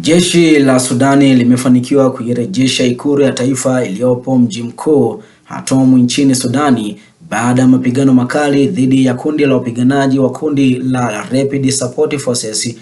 Jeshi la Sudani limefanikiwa kuirejesha ikulu ya taifa iliyopo mji mkuu Khartoum nchini Sudani baada ya mapigano makali dhidi ya kundi la wapiganaji wa kundi la Rapid Support Forces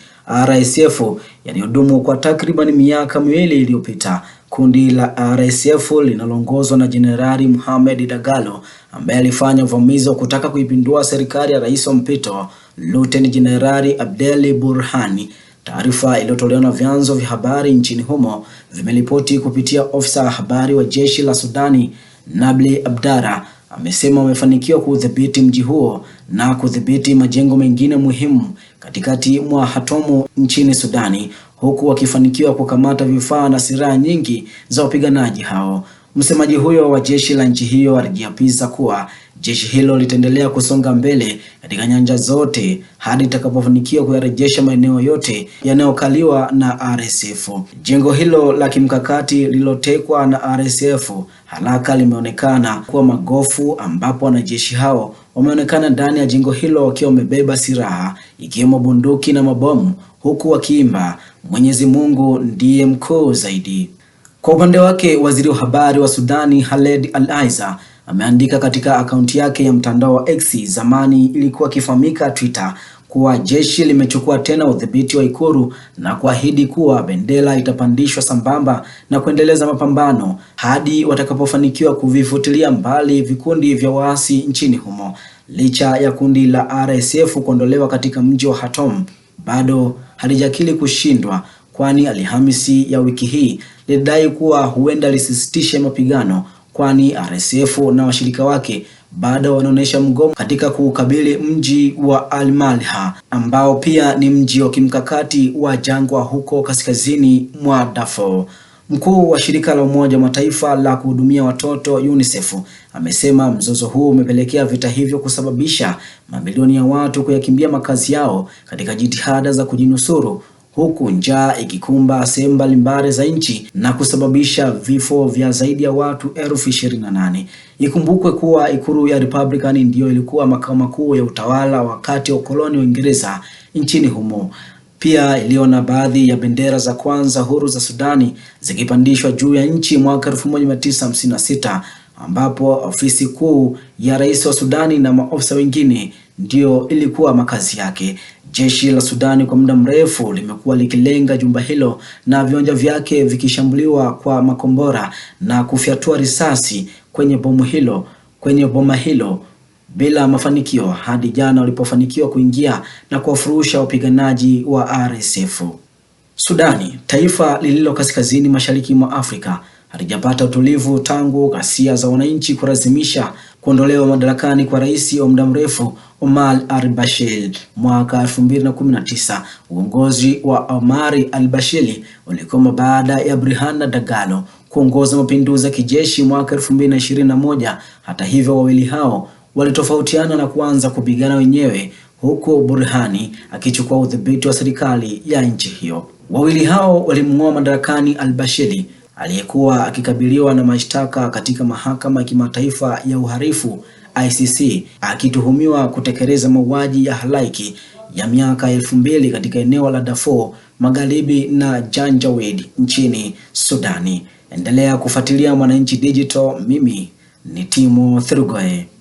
RSF yaliyodumu kwa takriban miaka miwili iliyopita. Kundi la RSF linaloongozwa na Jenerali Mohamed Dagalo ambaye alifanya uvamizi wa kutaka kuipindua serikali ya Rais wa mpito Luteni Jenerali Abdel Burhani Taarifa iliyotolewa na vyanzo vya habari nchini humo vimeripoti kupitia ofisa wa habari wa jeshi la Sudani, Nabli Abdara amesema wamefanikiwa kuudhibiti mji huo na kudhibiti majengo mengine muhimu katikati mwa Hatomu nchini Sudani, huku wakifanikiwa kukamata vifaa na silaha nyingi za wapiganaji hao. Msemaji huyo wa jeshi la nchi hiyo alijiapiza kuwa jeshi hilo litaendelea kusonga mbele katika nyanja zote hadi itakapofanikiwa kuyarejesha maeneo yote yanayokaliwa na RSF. Jengo hilo la kimkakati lililotekwa na RSF haraka limeonekana kuwa magofu, ambapo wanajeshi hao wameonekana ndani ya jengo hilo wakiwa wamebeba silaha ikiwemo bunduki na mabomu, huku wakiimba Mwenyezi Mungu ndiye mkuu zaidi. Kwa upande wake, waziri wa habari wa Sudani Khaled Al-Aiser ameandika katika akaunti yake ya mtandao wa X, zamani ilikuwa ikifahamika Twitter, kuwa jeshi limechukua tena udhibiti wa Ikulu na kuahidi kuwa bendera itapandishwa sambamba na kuendeleza mapambano hadi watakapofanikiwa kuvifutilia mbali vikundi vya waasi nchini humo. Licha ya kundi la RSF kuondolewa katika mji wa Khartoum, bado halijakili kushindwa kwani Alhamisi ya wiki hii lilidai kuwa huenda lisisitishe mapigano, kwani RSF na washirika wake bado wanaonesha mgomo katika kuukabili mji wa Al-Malha ambao pia ni mji wa kimkakati wa jangwa huko kaskazini mwa Darfur. Mkuu wa shirika la Umoja wa Mataifa la kuhudumia watoto UNICEF amesema mzozo huo umepelekea vita hivyo kusababisha mamilioni ya watu kuyakimbia makazi yao katika jitihada za kujinusuru huku njaa ikikumba sehemu mbalimbali za nchi na kusababisha vifo vya zaidi ya watu elfu ishirini na nane. Ikumbukwe kuwa ikulu ya Republican ndiyo ilikuwa makao makuu ya utawala wakati wa ukoloni wa Uingereza nchini humo. Pia iliona baadhi ya bendera za kwanza huru za Sudani zikipandishwa juu ya nchi mwaka 1956 ambapo ofisi kuu ya rais wa Sudani na maofisa wengine ndiyo ilikuwa makazi yake. Jeshi la Sudani kwa muda mrefu limekuwa likilenga jumba hilo na viwanja vyake vikishambuliwa kwa makombora na kufyatua risasi kwenye bomu hilo kwenye boma hilo bila mafanikio hadi jana walipofanikiwa kuingia na kuwafurusha wapiganaji wa RSF. Sudani, taifa lililo kaskazini mashariki mwa Afrika, halijapata utulivu tangu ghasia za wananchi kulazimisha kuondolewa madarakani kwa rais wa muda mrefu Omar al-Bashir mwaka 2019. Uongozi wa Omar al-Bashir ulikoma baada ya Brihana Dagalo kuongoza mapinduzi ya kijeshi mwaka 2021. Hata hivyo, wawili hao walitofautiana na kuanza kupigana wenyewe huku Burhani akichukua udhibiti wa serikali ya nchi hiyo. Wawili hao walimng'oa madarakani al-Bashir aliyekuwa akikabiliwa na mashtaka katika mahakama ya kimataifa ya uhalifu ICC akituhumiwa kutekeleza mauaji ya halaiki ya miaka elfu mbili katika eneo la Darfur Magharibi na Janjaweed nchini Sudani. Endelea kufuatilia Mwananchi Digital, mimi ni Timo Thrugoe.